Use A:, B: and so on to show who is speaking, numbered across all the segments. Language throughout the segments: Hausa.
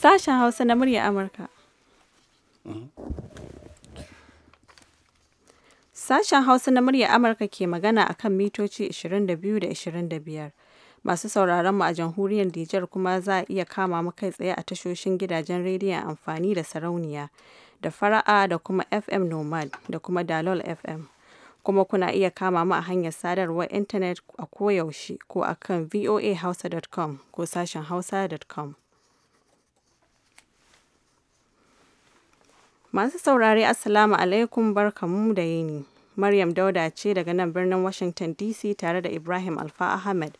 A: Sashen Hausa na murya Amurka. Sashen Hausa na murya Amurka ke magana akan mitoci 22 da 25. Masu sauraron mu a jamhuriyar Nijar kuma za a iya kama mu kai tsaye a tashoshin gidajen rediyon amfani da sarauniya da fara'a da kuma FM Nomad da kuma Dalol FM. Kuma kuna iya kama mu a hanyar sadarwar intanet a koyaushe ko a kan voahausa.com ko sashen hausa.com. Masu saurare Assalamu alaikum barkamu da yini. Maryam Dauda ce daga nan birnin Washington DC tare da Ibrahim Alfa Ahmed.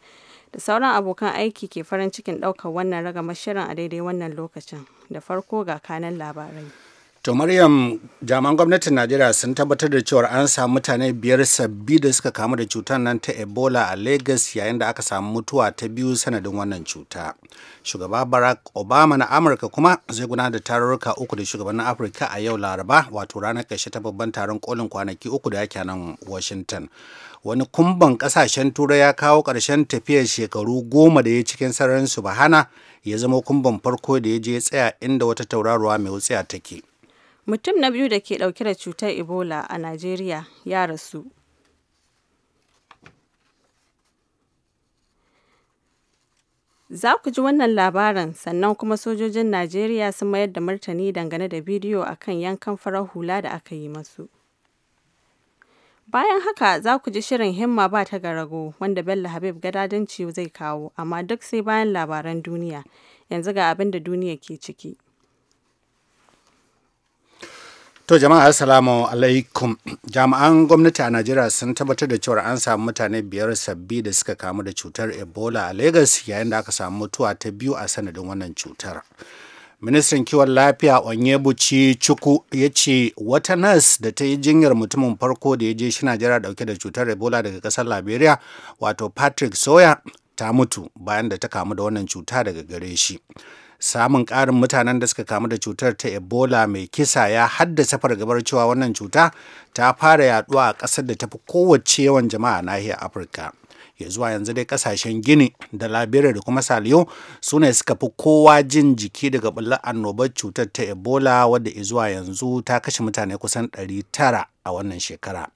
A: da sauran abokan aiki ke farin cikin ɗaukar wannan ragamar shirin a daidai wannan lokacin da farko ga kanan labarai
B: to maryam jaman gwamnatin najeriya sun tabbatar da cewar an samu mutane biyar sabbi da suka kamu da cutar nan ta ebola a lagos yayin da aka samu mutuwa ta biyu sanadin wannan cuta shugaba barack obama na amurka kuma zai gudanar da tarurruka uku da shugabannin afirka a yau laraba wato ranar ƙarshe ta babban taron kolin kwanaki uku da yake nan washington wani kumban kasashen turai ya kawo ƙarshen tafiyar shekaru goma da ya cikin sararin bahana ya zama kumban farko da ya je tsaya inda wata tauraruwa mai wutsiya take
A: mutum na biyu da ke ɗauke da cutar ebola a najeriya ya rasu Za ku ji wannan labarin sannan kuma sojojin Najeriya sun mayar da martani dangane da bidiyo akan yankan farar hula da aka yi masu. Bayan haka za ku ji shirin himma ba ta garago wanda Bello Habib gadadanci zai kawo amma duk sai bayan labaran duniya. Yanzu ga abin da duniya ke ciki.
B: To jama'a assalamu alaikum. Jami'an gwamnati a Najeriya sun tabbatar da cewa an samu mutane biyar sabbi da suka kamu da cutar Ebola a Lagos yayin da aka samu mutuwa ta biyu a sanadin wannan cutar. ministan kiwon lafiya onyebuchi chuku ya ce wata nas da ta yi jinyar mutumin farko da ya je shi najeriya dauke da cutar ebola daga kasar liberia wato patrick sawyer ta mutu bayan da ta kamu da wannan cuta daga gare shi samun ƙarin mutanen da suka kamu da cutar ta ebola mai kisa ya haddasa fargabar cewa wannan cuta ta fara yaduwa a ƙasar da tafi kowace yawan jama'a nahiyar afirka ya zuwa yanzu dai kasashen gini da labirin da kuma saliyo su ne suka fi kowa jin jiki daga bullar annobar cutar ta ebola wadda ya zuwa yanzu ta kashe mutane kusan 900 a wannan shekara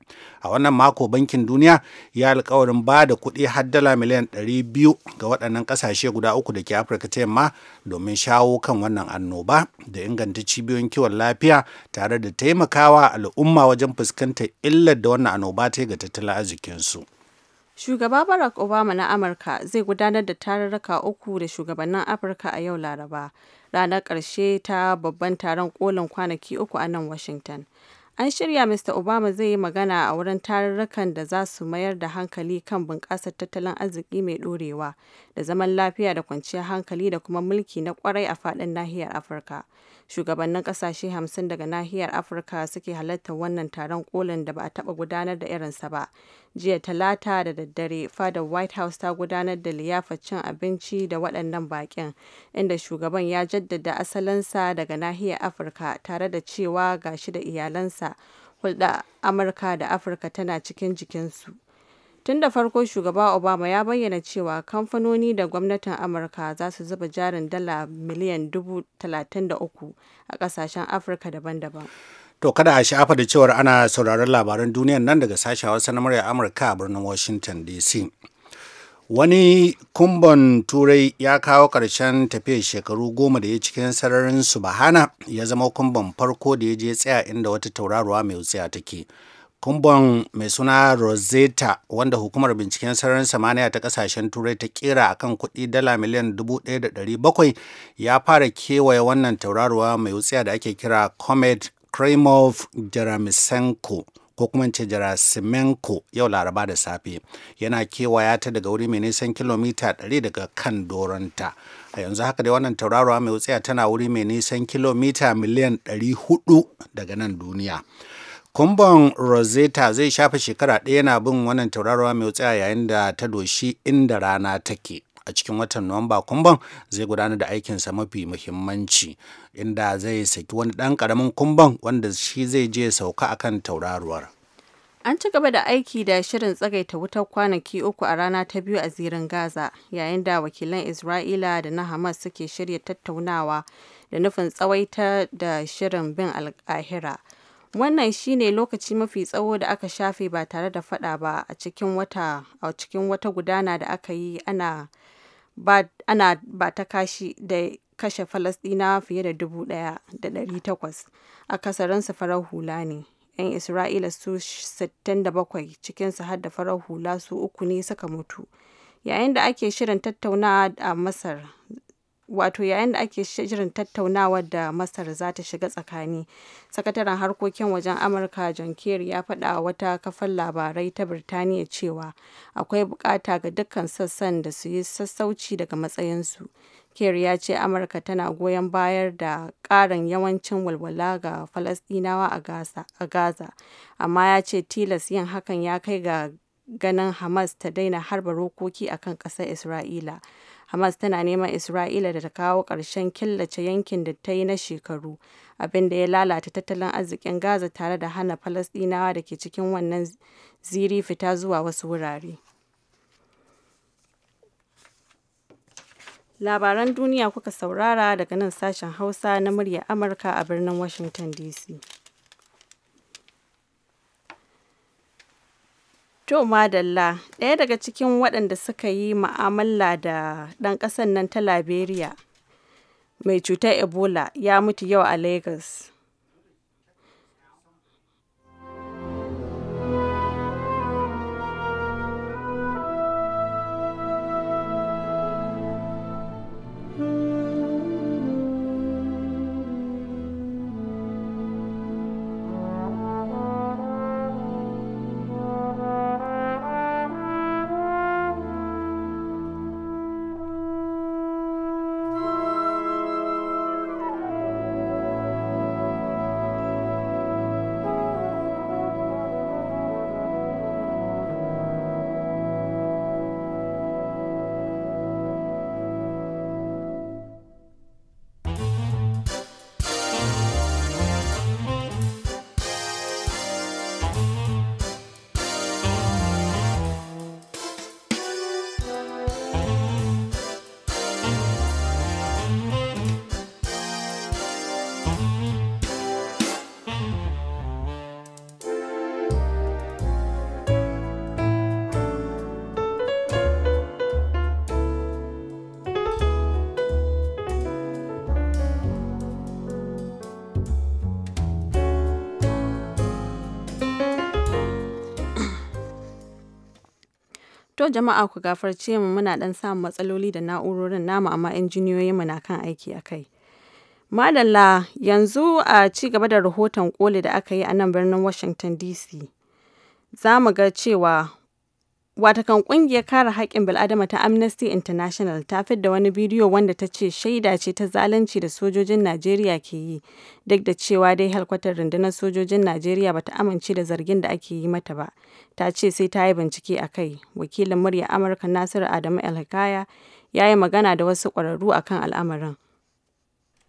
B: a wannan mako bankin duniya ya alkawarin ba da kuɗi har dala miliyan 200 ga waɗannan ƙasashe guda uku da ke afirka ta yamma domin shawo kan wannan annoba da inganta cibiyoyin kiwon lafiya tare da taimakawa al'umma wajen fuskantar illar da wannan annoba ta ga tattalin arzikinsu.
A: Shugaba Barack Obama na Amurka zai gudanar da tararraka uku da shugabannin Afirka a yau Laraba, ranar ƙarshe ta babban taron kolin kwanaki uku a nan Washington. An shirya Mr. Obama zai yi magana a wurin tararrakan da za su mayar da hankali kan bunƙasar tattalin arziki mai ɗorewa da zaman lafiya da kwanciyar hankali da kuma mulki na kwarai a faɗin nahiyar Afirka. shugabannin kasashe hamsin daga nahiyar afirka suke halartar wannan taron kolin da ba a taba gudanar da irinsa ba jiya talata da daddare fadar white house ta gudanar da liyafar cin abinci da waɗannan bakin inda shugaban ya jaddada asalinsa daga nahiyar afirka tare da cewa gashi da iyalansa hulɗa amurka da afirka tana cikin jikinsu Tun da farko Shugaba Obama ya bayyana cewa kamfanoni da gwamnatin Amurka za su zuba jarin dala miliyan 33 a kasashen Afirka daban-daban.
B: To kada a sha'afa da cewar ana sauraron labaran duniyan nan daga sashen wasu na murya Amurka a birnin Washington DC. Wani kumban turai ya kawo ƙarshen tafiyar shekaru goma da ya cikin sararin Subahana ya zama kumban farko da ya je tsaya inda wata tauraruwa mai wutsiya take. kumbon mai suna rosetta wanda hukumar binciken sararin samaniya ta kasashen turai ta kera akan kuɗi dala miliyan 1,700 ya fara kewaye wannan tauraruwa mai wutsiya da ake kira comet kremov jaramisenko ko kuma ce Jarasimenko yau laraba da safe yana kewaya ta daga wuri mai nisan kilomita 100 daga kan doronta a yanzu haka dai wannan tauraruwa mai wutsiya tana wuri mai nisan kilomita miliyan 400 daga nan duniya Kumbon Rosetta zai shafe shekara ɗaya yana bin wannan tauraruwa mai wutsiya yayin da ta doshi inda rana take. A cikin watan Nuwamba kumbon zai gudanar da aikinsa mafi muhimmanci inda zai saki wani ɗan ƙaramin kumbon wanda shi zai je sauka akan tauraruwar.
A: An ci gaba da aiki da shirin tsagaita wutar kwanaki uku a rana ta biyu a zirin Gaza, yayin da wakilan Isra'ila da na Hamas suke shirya tattaunawa da nufin tsawaita da shirin bin alkahira Wannan shi ne lokaci mafi tsawo da aka shafe ba tare da fada ba a cikin wata gudana da aka yi ana ba-ta-kashi da kashe Falasɗinawa fiye da dubu da takwas kasarin su farar hula ne. 'Yan Isra'ila su 67, cikinsa har da farar hula su uku ne suka mutu, yayin da ake shirin tattaunawa a Masar wato yayin da ake shirin tattaunawar da Masar za ta shiga tsakani. Sakataren harkokin wajen Amurka John Kerry ya faɗa wata kafar labarai ta Birtaniya cewa akwai bukata ga dukkan sassan da su yi sassauci daga matsayinsu. Kerry ya ce Amurka tana goyon bayar da ƙarin yawancin walwala ga Falasdinawa a Gaza, amma ya ce tilas yin hakan ya kai ga ganin Hamas ta daina harba rokoki akan ƙasar Isra'ila. Hamas tana neman Isra'ila da ta kawo ƙarshen killace yankin da ta yi na shekaru, abin da ya lalata tattalin arzikin Gaza tare da hana Falasɗinawa da ke cikin wannan ziri fita zuwa wasu wurare. Labaran duniya kuka saurara daga nan sashen Hausa na murya Amurka a birnin Washington DC. To Madalla, ɗaya daga cikin waɗanda suka yi ma'amala da ɗan ƙasar nan ta Liberia mai cutar Ebola ya mutu yau a Lagos. To jama'a ku gafarce mu muna dan samun matsaloli da na'urorin namu amma injiniyoyinmu na kan aiki a kai. Madalla yanzu a ci gaba da rahoton koli da aka yi a nan birnin Washington DC. Za mu ga cewa Watakan ƙungiyar kare haƙƙin bil'adama ta Amnesty International ta da wani bidiyo wanda ta ce shaida ce ta zalunci da sojojin Najeriya ke yi, duk da cewa dai halkwatar rundunar sojojin Najeriya ba ta amince da zargin da ake yi mata ba. Ta ce sai ta yi bincike a kai. Wakilin murya Amurka Nasiru Adamu Alhikaya ya yi magana da wasu ƙwararru akan al'amarin.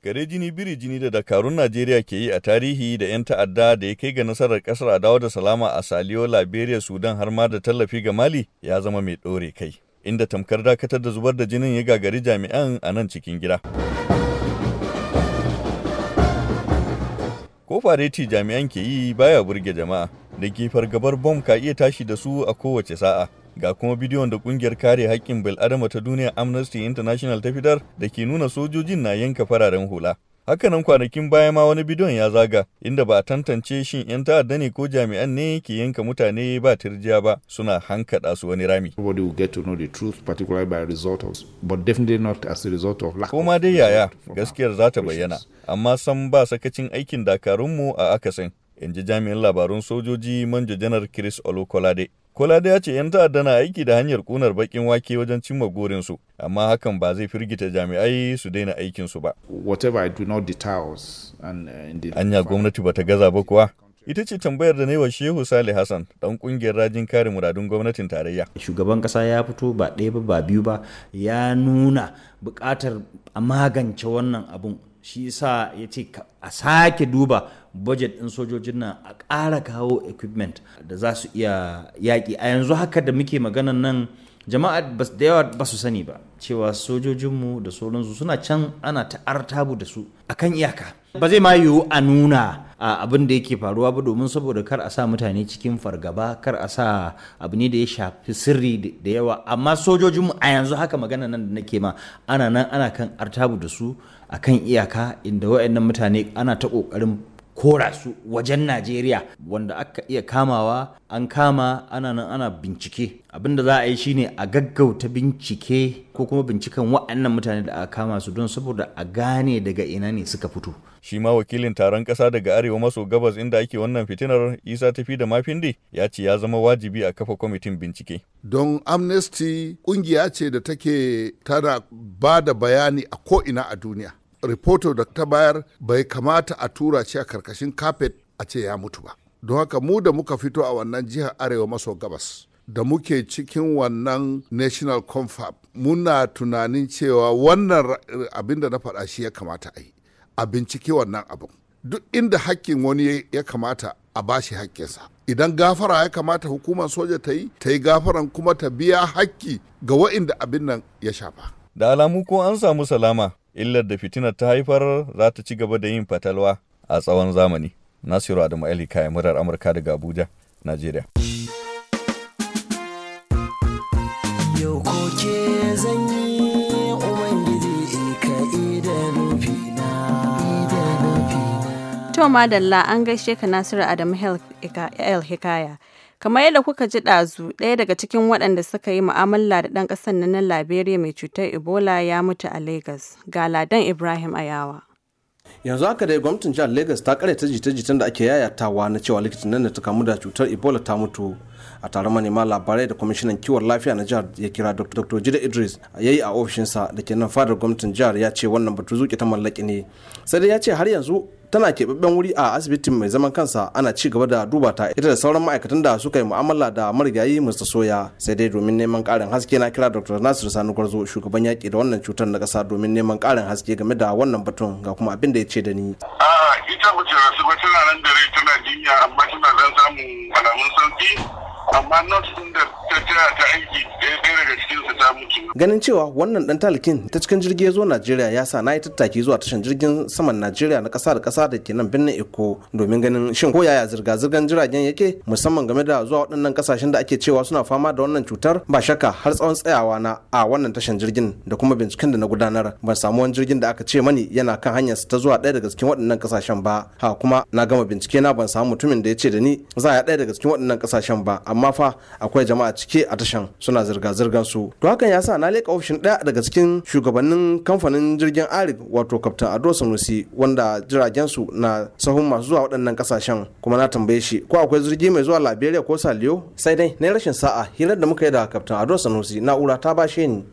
C: Gare jini biri jini da dakarun Najeriya ke yi a tarihi da 'yan ta'adda da ya kai ga nasarar kasar a dawo da salama a Saliyo, Liberia, Sudan har ma da tallafi ga Mali ya zama mai ɗore kai. Inda tamkar dakatar da zubar da jinin ya gagari jami'an a nan cikin gida. Ko fareti jami'an ke yi baya burge jama'a, da gefar gabar bom ka iya tashi da su a kowace sa'a. Ga kuma bidiyon da kungiyar kare haƙƙin bil'adama ta duniya Amnesty International ta fitar da ke nuna sojojin na yanka fararen hula. Hakanan kwanakin baya ma wani bidiyon ya zaga inda ba a tantance shin 'yan ta'adda ne ko jami'an ne ke yanka mutane ba tirjiya ba suna hankaɗa su wani rami. koma dai yaya gaskiyar za ta bayyana, amma san ba sakacin aikin dakarunmu a akasin, in ji jami'in labarun sojoji Manjo Janar Chris Olukolade. da ya ce 'yan ta'adda na aiki da hanyar kunar baƙin wake wajen cimma gorinsu, amma hakan ba zai firgita jami'ai su daina aikinsu ba. Uh, Anya gwamnati ba ta gaza ba kuwa. Ita ce tambayar da na yi wa Shehu Sale Hassan, ɗan ƙungiyar rajin kare muradun gwamnatin tarayya. Shugaban ƙasa ya fito ba ɗaya ba ba biyu ba ya nuna
B: buƙatar a magance wannan abun. Shi yasa ya ce a sake duba budget ɗin sojojin nan a ƙara kawo equipment da za su iya yaƙi a yanzu haka da muke magana nan jama'a da yawa ba su sani ba cewa sojojinmu da sauransu suna can ana ta'artabu da su a kan iyaka ba zai ma yiwu a nuna abin da yake faruwa ba domin saboda kar a sa mutane cikin fargaba kar a sa abu ne da ya shafi sirri da yawa amma sojojinmu a yanzu haka magana nan da nake ma ana nan ana kan artabu da su a kan iyaka inda wa'annan mutane ana ta ƙoƙarin kora su wajen Najeriya wanda aka iya kamawa an kama ana nan ana
C: bincike abin da za a yi shine a gaggauta bincike ko kuma binciken wa'annan mutane da aka kama su don saboda a gane daga ina ne suka fito shi ma wakilin taron ƙasa daga arewa maso gabas inda ake wannan fitinar isa tafi da mafindi ya ce ya zama wajibi a kafa kwamitin bincike
B: don amnesty ƙungiya ce da take tana ba da bayani a ko'ina a duniya rahoto da ta bayar bai kamata a tura shi a karkashin kafet a ce ya mutu ba don haka mu da muka fito a wannan jihar arewa maso gabas da muke cikin wannan national confab muna tunanin cewa wannan abin da na faɗa shi ya kamata a yi a bincike wannan abin duk inda hakkin wani ya kamata a bashi hakkinsa idan gafara ya kamata hukumar soja ta yi
C: ta yi gafaran kuma ta biya hakki ga wa'inda abin nan ya shafa da alamu ko an samu salama illar da fitinar ta haifar za ta ci gaba da yin fatalwa a tsawon zamani nasiru adamu ali kayan murar amurka daga abuja najeriya
A: yau koke zan yi ubangiji ka To Madalla an gaishe ka Nasiru Adamu El Hikaya. Kamar yadda kuka ji ɗazu, ɗaya daga cikin waɗanda suka yi mu'amala da ɗan ƙasar na Liberia mai cutar Ebola ya mutu a Lagos. Ga Ladan Ibrahim Ayawa.
D: yanzu haka dai gwamnatin jihar lagos ta karyata jita-jitan da ake yayatawa na cewa likitan nan da ta kamu da cutar ebola ta mutu a taron manema labarai da kwamishinan kiwon lafiya na jihar ya kira dr jida idris ya yi a ofishinsa da ke nan fadar gwamnatin jihar ya ce wannan batu zuke ta mallaki ne sai dai ya ce har yanzu tana keɓaɓɓen wuri a asibitin mai zaman kansa ana ci gaba da duba ta ita da sauran ma'aikatan da suka yi mu'amala da marigayi Mr. Soya sai dai domin neman ƙarin haske na kira Dr. Nasiru Sani Gwarzo shugaban yaƙi da wannan cutar na ƙasa domin neman ƙarin haske game da wannan batun ga kuma abin da ya ce da ni.
A: ita mace rasu
B: ba tana nan da tana jinya amma tana zan samu alamun sauki amma nan sun da ta jira ta aiki
D: ɗaya daga cikin su ta mutu ganin cewa wannan dan talakin ta cikin jirgi ya zo Najeriya ya sa na yi tattaki zuwa tashin jirgin saman Najeriya na kasa da kasa da ke nan birnin Eko domin ganin shin ko yaya zirga-zirgar jiragen yake musamman game da zuwa waɗannan kasashen da ake cewa suna fama da wannan cutar ba shakka har tsawon tsayawa na a wannan tashan jirgin da kuma binciken da na gudanar ban samu wani jirgin da aka ce mani yana kan hanyar ta zuwa ɗaya daga cikin waɗannan ƙasashen ba ha kuma na gama bincike na ban samu mutumin da ya ce da ni za a ɗaya daga cikin waɗannan ƙasashen ba amma fa akwai jama'a cike a tashan suna zirga-zirgan su to hakan ya sa na leka ofishin ɗaya daga cikin shugabannin kamfanin jirgin arik wato kaftan ado sanusi wanda jiragen su na sahun masu zuwa waɗannan ƙasashen kuma na tambaye shi ko akwai jirgi mai zuwa liberia ko saliyo sai dai na rashin sa'a hirar da muka yi da kaftan ado sanusi na'ura ta bashe ni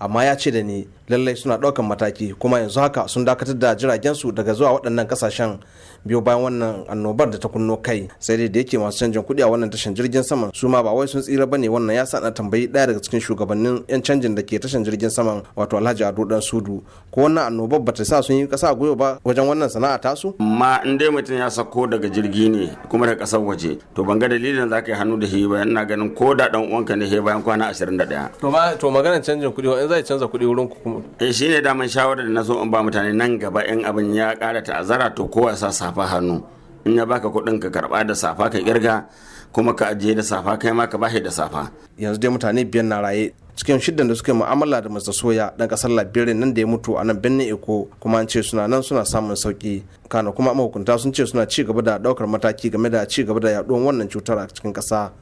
D: amma ya ce da ni lallai suna ɗaukan mataki kuma yanzu haka sun dakatar da jiragen su daga zuwa waɗannan kasashen biyu bayan wannan annobar da ta kunno kai sai dai da yake masu canjin kuɗi a wannan tashan jirgin saman su ma ba wai sun tsira bane wannan ya sa na tambayi ɗaya daga cikin shugabannin yan canjin da ke tashan jirgin saman wato Alhaji Ado Dan Sudu ko wannan annobar bata sa sun yi ƙasa gwiwa ba wajen wannan sana'a tasu
B: ma in dai mutum ya sako daga jirgi ne kuma daga ƙasar waje to ban ga dalilin za ka yi hannu da shi ba ina ganin ko da dan uwanka ne he bayan kwana ɗaya.
D: to ma to maganar canjin kuɗi in zai canza kuɗi wurin ku kuma eh ne
B: daman shawarar da na so in ba mutane nan gaba in abin ya ƙara ta'azara to kowa sa safa hannu in ya baka kuɗin ka karɓa da safa ka kirga kuma ka ajiye da safa kai ma ka bashi da safa
D: yanzu dai mutane biyan na raye cikin shidda da suke mu'amala da Mr. Soya dan kasar Liberia nan da ya mutu a nan Benin Eko kuma an ce suna nan suna samun sauki kana kuma mahukunta sun ce suna ci gaba da daukar mataki game da ci gaba da yaduwar wannan cutar a cikin kasa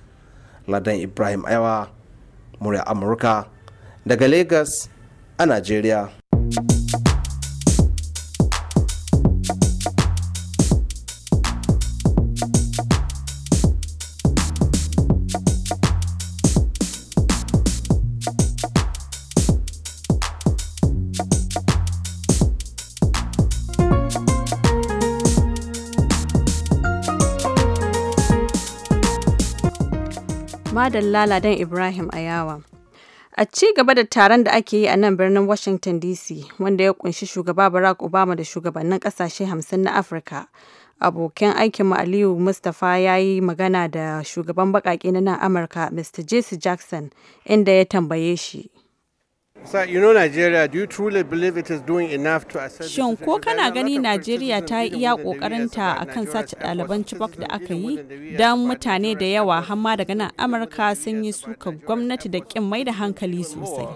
D: Ladan Ibrahim Aiwa murya Amurka daga Legas a Najeriya.
A: madan laladan Ibrahim Ayawa. A ci gaba da taron da ake yi a nan birnin Washington DC, wanda ya kunshi shugaba Barack Obama da shugabannin kasashe 50 na Afirka. Abokin aikinmu Aliyu Mustapha ya yi magana da shugaban baƙaƙe na nan Amurka, Mr. Jesse Jackson, inda ya tambaye shi. Shin ko kana gani Najeriya ta yi iya ƙoƙarinta a kan sace ɗaliban Chibok da aka yi don mutane da yawa hamma daga nan Amurka sun yi suka gwamnati da ƙin mai da hankali sosai.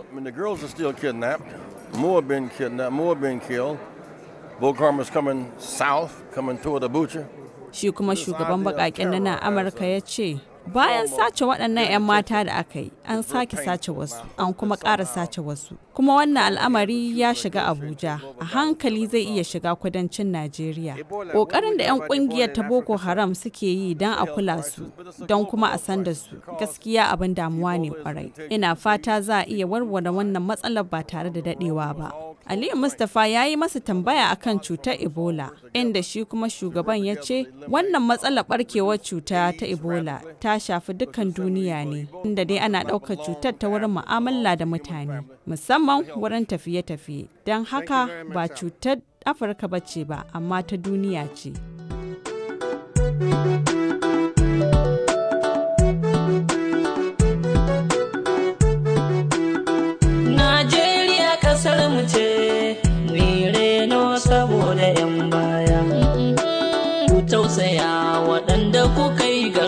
A: Shi kuma shugaban baƙaƙen na Amurka ya ce, Bayan sace waɗannan 'yan mata da aka yi, an sake sace wasu, an kuma ƙara sace wasu. Kuma wannan al'amari ya shiga Abuja, a hankali zai iya shiga kudancin Najeriya. Ƙoƙarin da 'yan ƙungiyar ta Boko Haram suke yi don a kula su, don kuma a san da su, gaskiya abin damuwa ne ƙwarai. Ina fata za a iya warware wannan matsalar ba tare da daɗewa ba. Aliyu Mustapha ya yi masa tambaya akan cutar Ebola, inda shi kuma shugaban ya ce wannan matsalar barkewar cuta ta Ebola ta shafi dukkan duniya ne, inda dai ana ɗaukar cutar ta wurin mu'amala da mutane, musamman wurin tafiye-tafiye. Don haka ba cutar Afirka ba ce ba, amma ta duniya ce.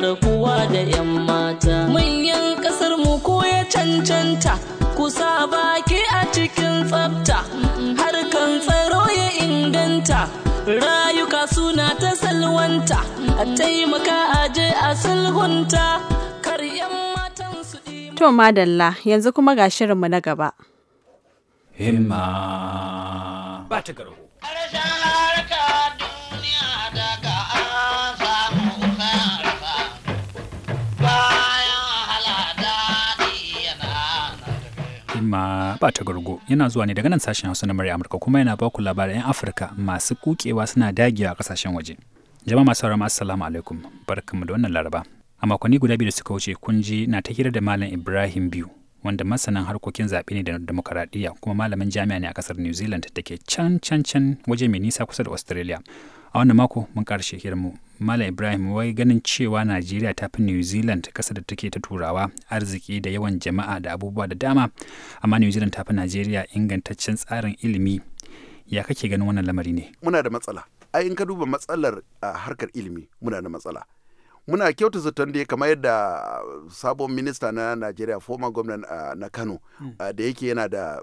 A: garkuwa da 'yan mata manyan ƙasar mu ko ya cancanta kusa baki a cikin tsafta harkan tsaro ya inganta rayuka suna ta salwanta a taimaka aje a sulhunta kar 'yan matan su to madalla yanzu kuma ga shirinmu na gaba
E: himma ba ta Halima ba ta gargo yana zuwa ne daga nan sashen Hausa na murya Amurka kuma yana ba ku labarin 'yan Afirka masu kukewa suna dagiya a kasashen waje. Jama'a masu sauraron assalamu alaikum barkamu da wannan laraba. A makonni guda biyu da suka wuce kun ji na ta hira da Malam Ibrahim Biyu wanda masanan harkokin zaɓe ne da demokaradiyya kuma malamin jami'a ne a kasar New Zealand da ke can can can waje mai nisa kusa da Australia. A wannan mako mun ƙarshe mu. Mala Ibrahim wai ganin cewa Najeriya ta fi New Zealand kasa da take ta turawa arziki da yawan jama'a da abubuwa da dama, amma New Zealand ta fi Najeriya ingantaccen tsarin ilimi. Ya kake ganin wannan lamari ne?
F: Muna da matsala. Ai in ka duba matsalar a harkar ilimi muna da matsala. Muna kyauta zaton da kamar yadda sabon minista na Najeriya, former gwamnan na Kano, hmm. da yake yana da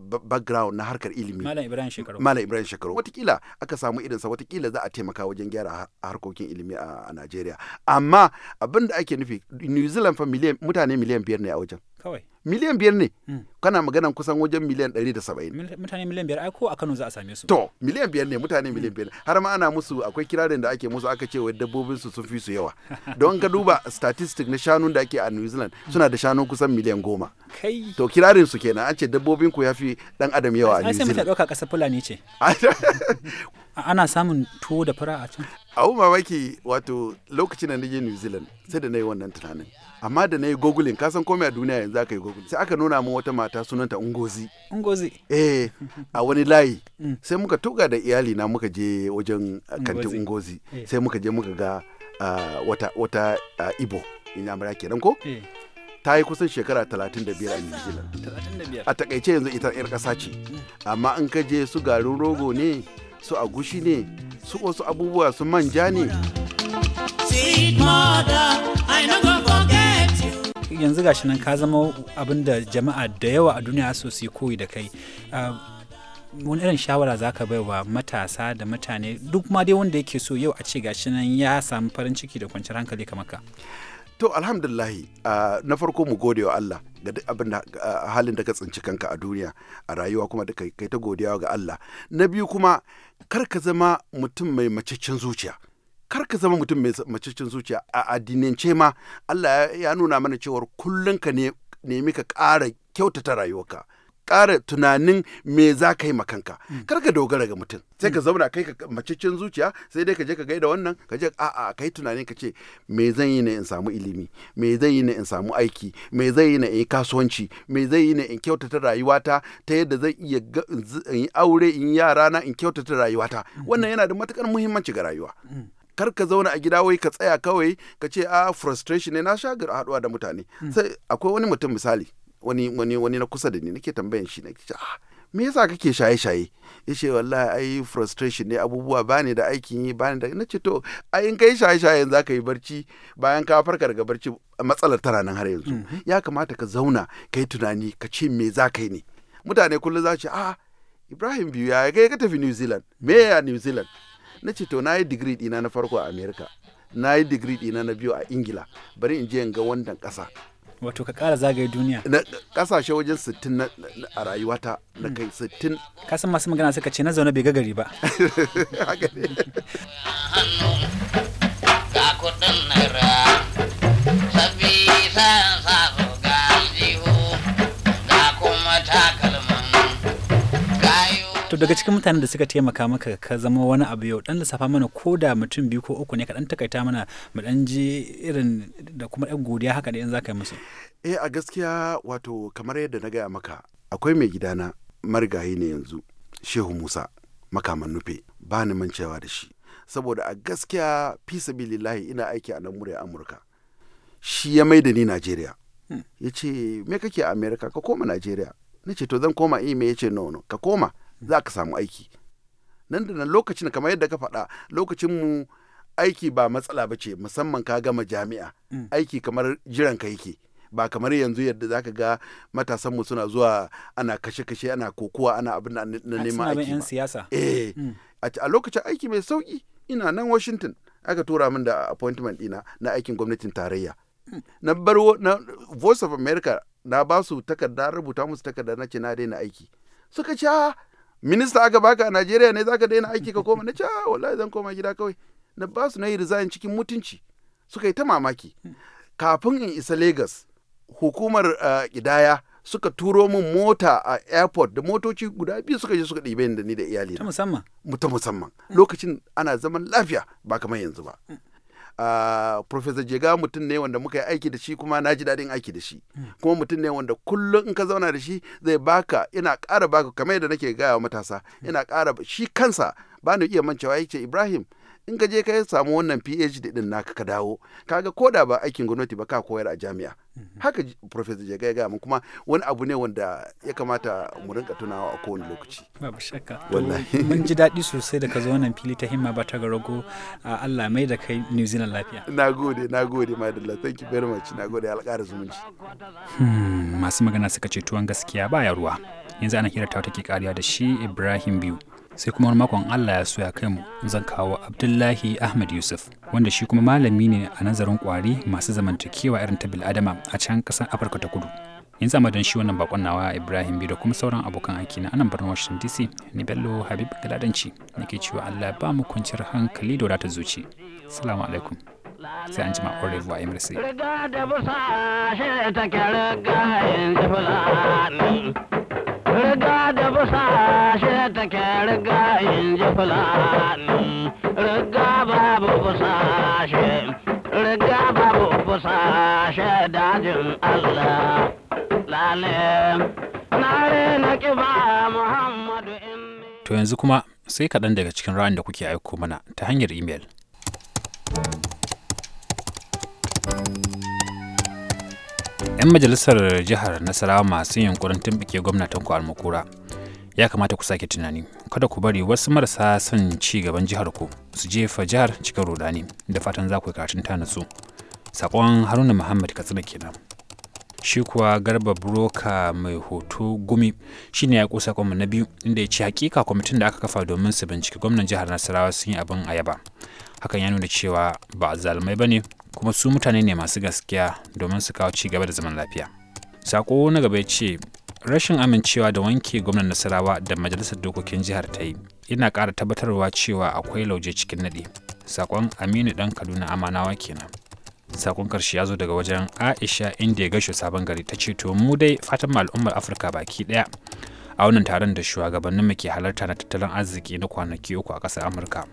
F: background na harkar ilimi malam ibrahim shekaru watakila aka samu irinsa watakila za a taimaka wajen gyara harkokin ilimi a najeriya amma abin da ake nufi new zealand fa mutane miliyan biyar ne a wajen kawai miliyan biyar ne hmm. kana maganan kusan wajen miliyan ɗari da saba'in
E: mutane miliyan biyar ai ko a Kano za a same su to
F: miliyan biyar ne mutane miliyan hmm. biyar har ma ana musu akwai kirarin da ake musu aka ce wai dabbobin su sun fi su yawa don ka duba statistic na shanun da ake a New Zealand suna da shanu kusan miliyan goma kai to kirarin su kenan an ce dabbobin ku ya fi dan adam yawa a New Zealand sai mutane
E: ɗauka ƙasar Fulani ce
F: ana samun tuwo da fara a can a mamaki wato lokacin da na je New Zealand sai da na yi wannan tunanin amma da na yi gogulin ka san komai a duniya yanzu aka yi gogulin sai aka nuna min wata mata sunanta ungozi ungozi eh a wani layi mm. sai muka tuga da iyali na muka je wajen eh, kantin ungozi eh. sai muka je muka ga ah, wata wata uh, ah, ibo inyamura kenan ko eh. ta yi kusan shekara 35 a New Zealand. A takaice yanzu ita 'yar kasa ce, mm. amma in ka je su garin rogo ne, su agushi ne, su wasu abubuwa su manja ne.
C: Sweet mother, I know
E: yanzu gashi nan ka zama abin da jama'a da yawa a duniya so su koyi da kai ah, wani irin shawara za ka baiwa matasa da mutane duk ma dai wanda yake so yau a ce gashi nan ya samu farin ciki da kwanciyar hankali kamar ka
F: to alhamdulillahi ah, na farko mu gode wa Allah ga abin da ah, halin da ka tsinci kanka a duniya a rayuwa kuma da kai ta godiya ga Allah na biyu kuma kar ka zama mutum mai macaccen zuciya kar ka zama mutum mai macicin zuciya a addinance ma Allah ya nuna mana cewar kullum ka ne nemi ka ƙara kyautata rayuwarka ƙara tunanin me za ka yi makanka mm. kar ka dogara ga mutum sai ka mm. zauna kai ka macicin zuciya sai dai ka je ka gaida wannan ka je a kai tunanin ka ce me zan yi ne in samu ilimi me zan yi ne in samu aiki me zan yi ne in kasuwanci me zan yi ne in kyautata rayuwata ta yadda zan iya aure in yara na in kyautata rayuwata mm. wannan yana da matukar muhimmanci ga rayuwa kar ka zauna a gida wai ka tsaya kawai ka ce a ah, frustration ne na sha haduwa da mutane hmm. sai akwai wani mutum misali wani wani wani na kusa da ni nake tambayan shi nake ce ah, me yasa kake shaye-shaye yace wallahi ai frustration ne abubuwa bani da aikin yi bani da nace to ai in kai shaye-shaye yanzu ka yi barci bayan ka farka daga barci matsalar tana nan har yanzu hmm. ya kamata ka zauna ka yi tunani ka ce me za ka yi ne mutane kullum za ce a ah, ibrahim biyu ya kai ka tafi new zealand me ya new zealand na ce to na yi digiri ɗina na farko a america na yi digiri ɗina na biyu a ingila bari in je in ga wannan ƙasa wato ka kara zagaye duniya na kasashe wajen 60 a rayuwata na hmm. kai
E: 60 kasan masu magana suka ce na zaune bai gagari ba haka ne to daga cikin mutanen da suka taimaka maka ka zama wani abu yau dan lissafa mana ko da mutum biyu ko uku ne ka dan takaita mana mu dan ji irin da kuma yan godiya haka da yan zaka
F: yi musu eh a gaskiya wato kamar yadda na gaya maka akwai mai gidana marigayi ne yanzu shehu musa makaman nufe ba ni mancewa da shi saboda a gaskiya fi sabilillahi ina aiki a nan murya amurka shi ya maida ni najeriya hmm. ya ce me kake a america ka koma najeriya na ce to zan koma ime ya ce no no ka koma za ka samu aiki nan da nan lokacin kamar yadda ka faɗa lokacin mu aiki ba matsala ba ce musamman ka gama jami'a mm. aiki kamar jiran ka yake ba kamar yanzu yadda za ka ga matasan mu suna zuwa ana kashe-kashe ana kokowa ana abin na neman aiki ba siyasa eh mm. a lokacin aiki mai sauki ina nan Washington aka tura min da appointment dina na aikin gwamnatin tarayya mm. na bar na Voice of America na ba su takarda rubuta musu takarda na ce na daina aiki suka ce minista aka baka a Najeriya ne zaka daina aiki ka koma na ce ah, wallahi zan koma gida kawai na ba su na yi resign cikin mutunci suka yi ta mamaki kafin in isa Legas hukumar kidaya eh, uh, suka turo min mota a uh, airport da motoci guda biyu suka je suka ɗibe ni da ni da iyali ta musamman ta musamman lokacin ana zaman lafiya ba kamar yanzu ba mm. professor jega mutum ne wanda muka yi aiki da shi kuma na ji daɗin aiki da shi hmm. kuma mutum ne wanda kullum in ka zauna da shi zai baka ina ƙara baka kamar yadda nake gaya wa matasa hmm. ina ƙara shi kansa ba ni iya mancewa ce ibrahim in ka je ka samu wannan phd din naka ka dawo kaga ko da ba aikin gwamnati ba ka koyar a jami'a mhm. haka professor jaga ya gaya min kuma wani abu ne wanda ya kamata mu rinka tunawa a kowane lokaci babu shakka wallahi mun ji
E: daɗi sosai da ka zo wannan fili ta himma ba ta garago
F: Allah mai da kai New Zealand lafiya nagode nagode madalla thank you very much nagode alƙara zumunci
E: hmm, masu magana suka ce tuwon gaskiya baya ruwa yanzu ana hira ta take kariya da shi Ibrahim Biyu sai kuma wani makon Allah ya so ya kai mu zan kawo Abdullahi Ahmad Yusuf wanda shi kuma malami ne a nazarin kwari masu zamantakewa irin ta bil adama a can kasar Afirka ta Kudu. Yanzu zama don shi wannan bakon nawa Ibrahim Bido kuma sauran abokan aiki na anan birnin Washington DC ni Bello Habib Galadanci nake cewa Allah ba mu kwanciyar hankali da wadatar zuci. Salamu alaikum. sai an jima ma'aurin ruwa ya Riga
A: da Riga da busa she take riga in ji fulani, riga babu busa she, riga babu busa she dajin Allah. Lale, nare na kiba
D: Muhammadu
E: in To yanzu kuma sai kaɗan daga cikin ra'ayin da kuke aiko mana ta hanyar imel. 'yan majalisar jihar nasarawa masu yunkurin tumbuke gwamnatin ku almakura ya kamata ku sake tunani kada ku bari wasu marasa son ci gaban jihar ku su jefa jihar cikin rudani da fatan za ku yi karatun ta natsu sakon haruna muhammad katsina kenan shi kuwa garba buroka mai hoto gumi shine ya kusa kwamma na biyu inda ya ce hakika kwamitin da aka kafa domin su binciki gwamnan jihar nasarawa sun yi abin ayaba hakan ya nuna cewa ba zalmai ba ne kuma su mutane ne masu gaskiya domin su kawo ci gaba da zaman lafiya sako na gaba ya ce rashin amincewa da wanke gwamnan nasarawa da majalisar dokokin jihar ta yi yana ƙara tabbatarwa cewa akwai lauje cikin naɗi sakon aminu dan kaduna amanawa kenan sakon karshe ya zo daga wajen aisha inda ya gashe sabon gari ta ce to mu dai fatan al'ummar afirka baki ɗaya a wannan taron da mu ke halarta na tattalin arziki na kwanaki uku a ƙasar amurka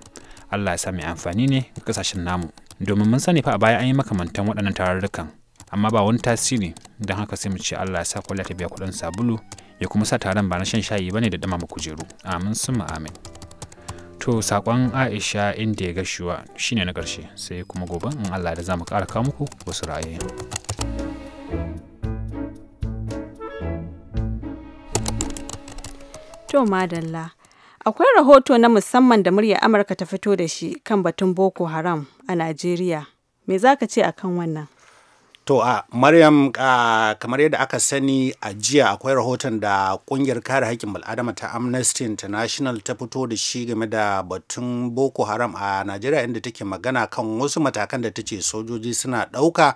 E: allah ya sa mai amfani ne ga kasashen namu domin mun sani fa a baya an yi makamantan waɗannan tararrukan amma ba wani tasiri don haka sai mu ce Allah ya sa kwalliya ta biya kuɗin sabulu ya kuma sa taron ba na shan shayi ne da dumama kujeru amin sun amin to sakon Aisha inda ya gashuwa shine na ƙarshe sai kuma gobe in Allah da zamu ƙara kawo muku wasu ra'ayoyin
A: to madalla Akwai rahoto na musamman da muryar Amurka ta fito da shi kan batun Boko Haram a Najeriya. Me za ka ce akan wannan?
B: To a Maryam kamar yadda aka sani a jiya akwai rahoton da kungiyar kare haƙƙin bal'adama ta Amnesty International ta fito da shi game da batun Boko Haram a Najeriya inda take magana kan wasu matakan da ta ce sojoji suna ɗauka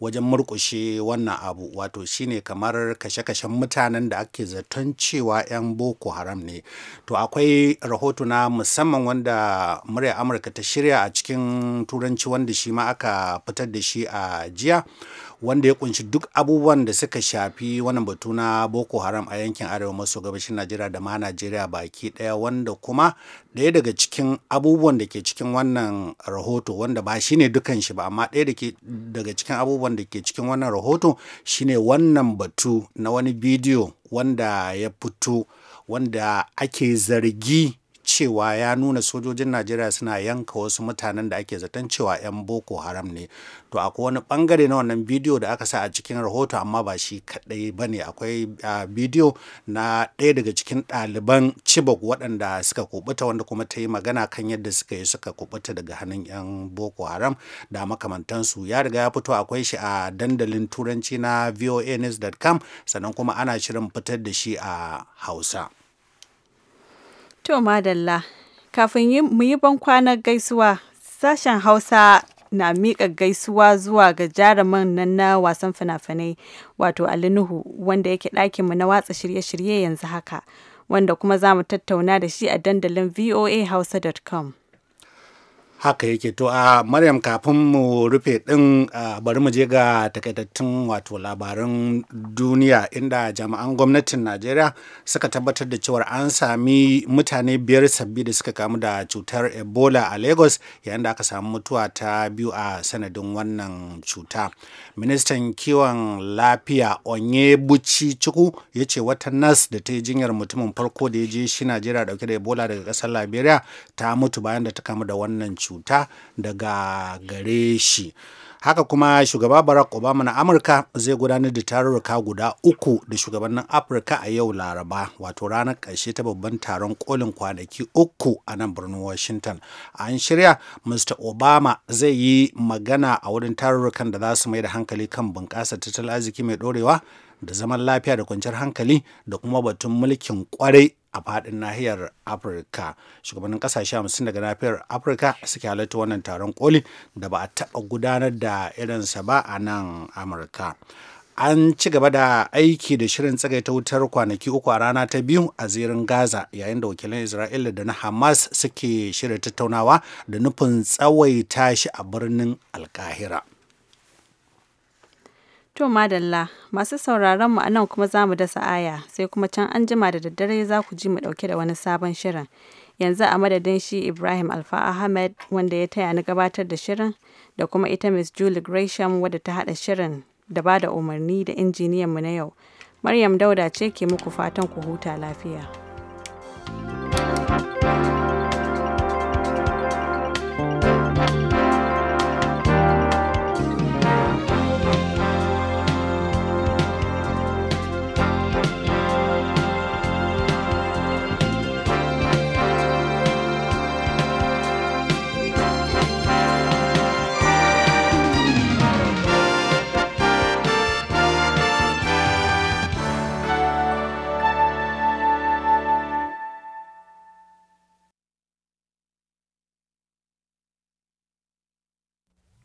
B: wajen murkushe wannan abu wato shine kamar kashe-kashen mutanen da ake zaton cewa 'yan boko haram ne to akwai rahoto na musamman wanda murya amurka ta shirya a cikin turanci wanda shi ma aka fitar da shi a jiya wanda ya kunshi duk abubuwan da suka shafi wannan batu na boko haram a yankin arewa maso gabashin najeriya da ma najeriya baki daya wanda kuma daya daga cikin abubuwan da ke cikin wannan rahoto wanda ba shine dukan shi ba amma daya daga cikin abubuwan da ke cikin wannan rahoto shine wannan batu na wani bidiyo wanda ya fito wanda ake zargi cewa ya nuna sojojin najeriya suna yanka wasu mutanen da ake zaton cewa 'yan boko haram ne to akwai wani bangare na wannan bidiyo da aka sa a cikin rahoto amma ba shi kadai ba ne akwai bidiyo na ɗaya daga cikin ɗaliban cibok waɗanda suka kubuta wanda kuma ta yi magana kan yadda suka yi suka kubuta daga hannun 'yan boko haram da makamantansu ya riga ya fito akwai shi a dandalin turanci na voanews.com sannan kuma ana shirin fitar da shi a hausa
A: To madalla, kafin mu yi bankwanar gaisuwa, sashen Hausa na miƙa gaisuwa zuwa ga jaruman nan na wasan fina-finai wato Ali Nuhu wanda yake ɗakin mu na watsa shirye-shirye yanzu haka, wanda kuma za mu tattauna da shi a dandalin voahausa.com.
B: haka yake to a maryam kafin mu rufe din bari mu je ga takaitattun wato labarin duniya inda jami'an gwamnatin najeriya suka tabbatar da cewar an sami mutane biyar sabbi da suka kamu da cutar ebola a lagos yayin da aka samu mutuwa ta biyu a sanadin wannan cuta ministan kiwon lafiya onye buci ciku ya ce wata nas da ta yi jinyar mutumin farko da ya je shi najeriya dauke da ebola daga kasar liberia ta mutu bayan da ta kamu da wannan cuta cuta daga gare shi haka kuma shugaba barack obama na amurka zai gudanar da tarurruka guda uku da shugabannin afirka a yau laraba wato ranar ƙarshe ta babban taron kolin kwanaki uku a nan birnin washington an shirya mr obama zai yi magana a wurin tarurrukan da za su mai da hankali kan bunƙasa tattalin arziki mai ɗorewa da zaman lafiya da kwanciyar hankali da kuma batun mulkin kwarai a faɗin nahiyar afirka shugabannin ƙasashe hamsin daga nahiyar afirka suke halarta wannan taron koli da ba a taɓa gudanar da irinsa ba a nan amurka an ci gaba da aiki da shirin tsagaita wutar kwanaki uku a rana ta biyu a zirin gaza yayin da wakilan isra'ila da na hamas suke shirya tattaunawa da nufin tsawaita shi a birnin alkahira
A: To madalla masu sauraron mu a nan kuma za mu dasa aya sai kuma can an jima da daddare za ku ji mu ɗauke da wani sabon shirin. Yanzu a madadin shi Ibrahim Alfa Ahmed wanda ya taya ni gabatar da shirin da kuma ita Miss Julie Gresham wadda ta hada shirin da ba da umarni da injiniyan mu na yau. Maryam Dauda ce ke muku fatan ku huta lafiya.